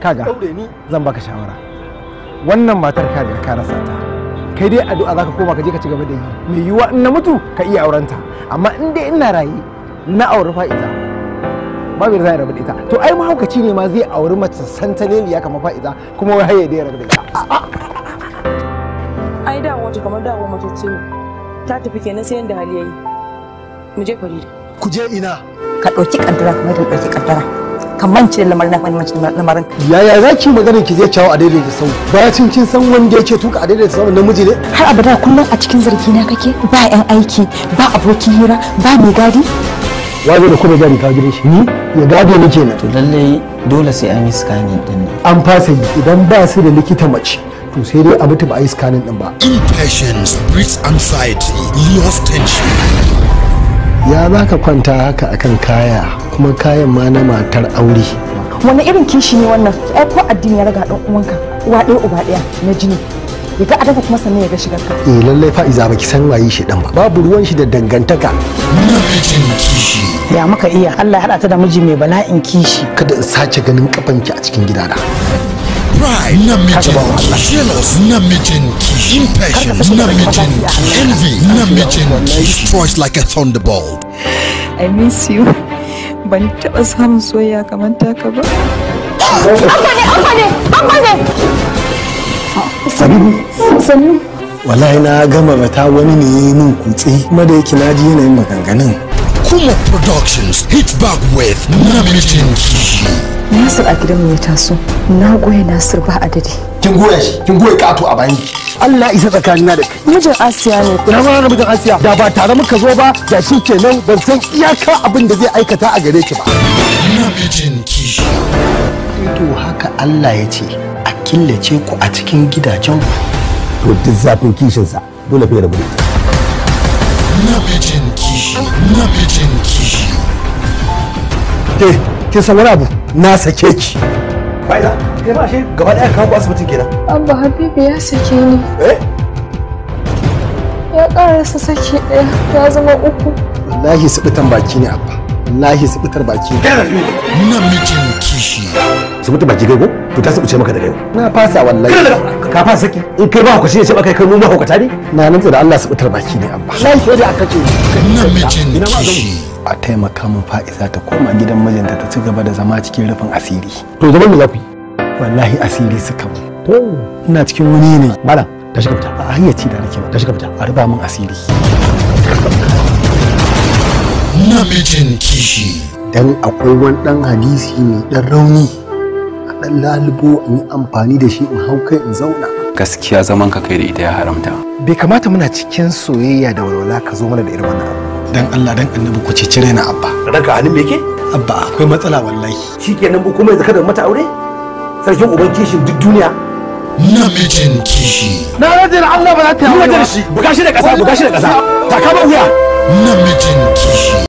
kaga zan baka shawara wannan matar ka riga ka rasa ta kai dai addu'a zaka koma ka je ka ci gaba da yi mai yiwuwa in na mutu ka iya aurenta amma in dai ina rayi na auri fa'iza babu zai rabu da ita to ai mahaukaci ne ma zai auri mace santaleliya kamar fa'iza kuma wai haye dai rabu da ita ai da wato kamar da mace ce ta tafi kenan sai yanda hali yayi mu je farida ku je ina ka ɗauki kaddara kuma ka ɗauki kaddara ka mance lamarin na mance lamarin yaya za ki magana ki zai cawo a daidai da sau bacin kin san wanda yake tuka a daidai da sau namiji ne har abada kullum a cikin zargi na kake ba yan aiki ba abokin hira ba mai gadi wazo da kuma gadi ka gidan shi ni ya gadi ni kenan to lalle dole sai an yi scanning din an fasa idan ba su da likita mace to sai dai a mutu ba a yi scanning din ba impatience breeds anxiety loss tension ya za ka kwanta haka akan kaya kuma kayan ma na matar aure wani irin kishi ne wannan ai ko addini ya raga dan uwanka uwa ɗaya uba ɗaya na jini ya ga adaka kuma sannan ya ga shigar ka eh lallai fa'iza baki san waye shi dan ba babu ruwan shi da dangantaka lokacin kishi ya maka iya Allah ya hada ta da miji mai bala'in kishi kada in sace ganin kafanki a cikin gidana pride, namijin ki, jealous, namijin ki, impatient, namijin ki, envy, namijin ki, destroys like a thunderbolt. I miss you. Ban taɓa samun soyayya kamar taka ba. Abba ne, abba Wallahi na gama bata wani ne ya min kutse kuma da yake na ji yanayin maganganun. Kuma Productions hit back with Namitin Kishi. Nasir a gidanmu ya taso. Na goya Nasir ba adadi. Kin goya shi, kin goya kato a bayan Allah isa na da kai. Mijin Asiya ne. Na ma na mijin Asiya. Da ba tare muka zo ba, da shi kenan ban san iyaka abin da zai aikata a gare ki ba. Na mijin kishi. Ido haka Allah ya ce a killace ku a cikin gidajen ku. To duk zafin kishinsa dole bai rabu Na mijin kishi, na mijin kishi. Ke, eh, kin san wani abu na sake ki fa'iza kai ma shi gaba daya kawo asibitin kenan abba habibu ya sake ni eh ya karasa sake daya ya zama uku wallahi su bitan baki ne abba wallahi su fitar baki mijin kishi su mutu baki gaibo to ta sabuce maka da gaibo na fasa wallahi ka fasa saki in kai ba ka shi ne ce kai kai mu mahaukata ne na nan da Allah su fitar baki ne amma wallahi sai da aka ce mijin kishi a taimaka min fa'iza ta koma gidan mijinta ta ci gaba da zama cikin rufin asiri to zaman da za ku yi wallahi asiri suka mu to ina cikin wani ne malam ta shiga fita a hayyaci da nake ba ta shiga fita a ruba min asiri hana mijin kishi dan akwai wani dan hadisi mai dan rauni a dan lalubo in yi amfani da shi in hau kai in zauna gaskiya zaman ka kai da ita ya haramta bai kamata muna cikin soyayya da walwala ka zo mana da irin wannan abu dan Allah dan annabi ku cire na abba ka halin me yake abba akwai matsala wallahi shikenan ku kuma zaka da mata aure sarkin uban kishin duk duniya namijin kishi na rajin Allah ba za ta yi ba buga shi da kasa buga shi da kasa ta kama wuya namijin kishi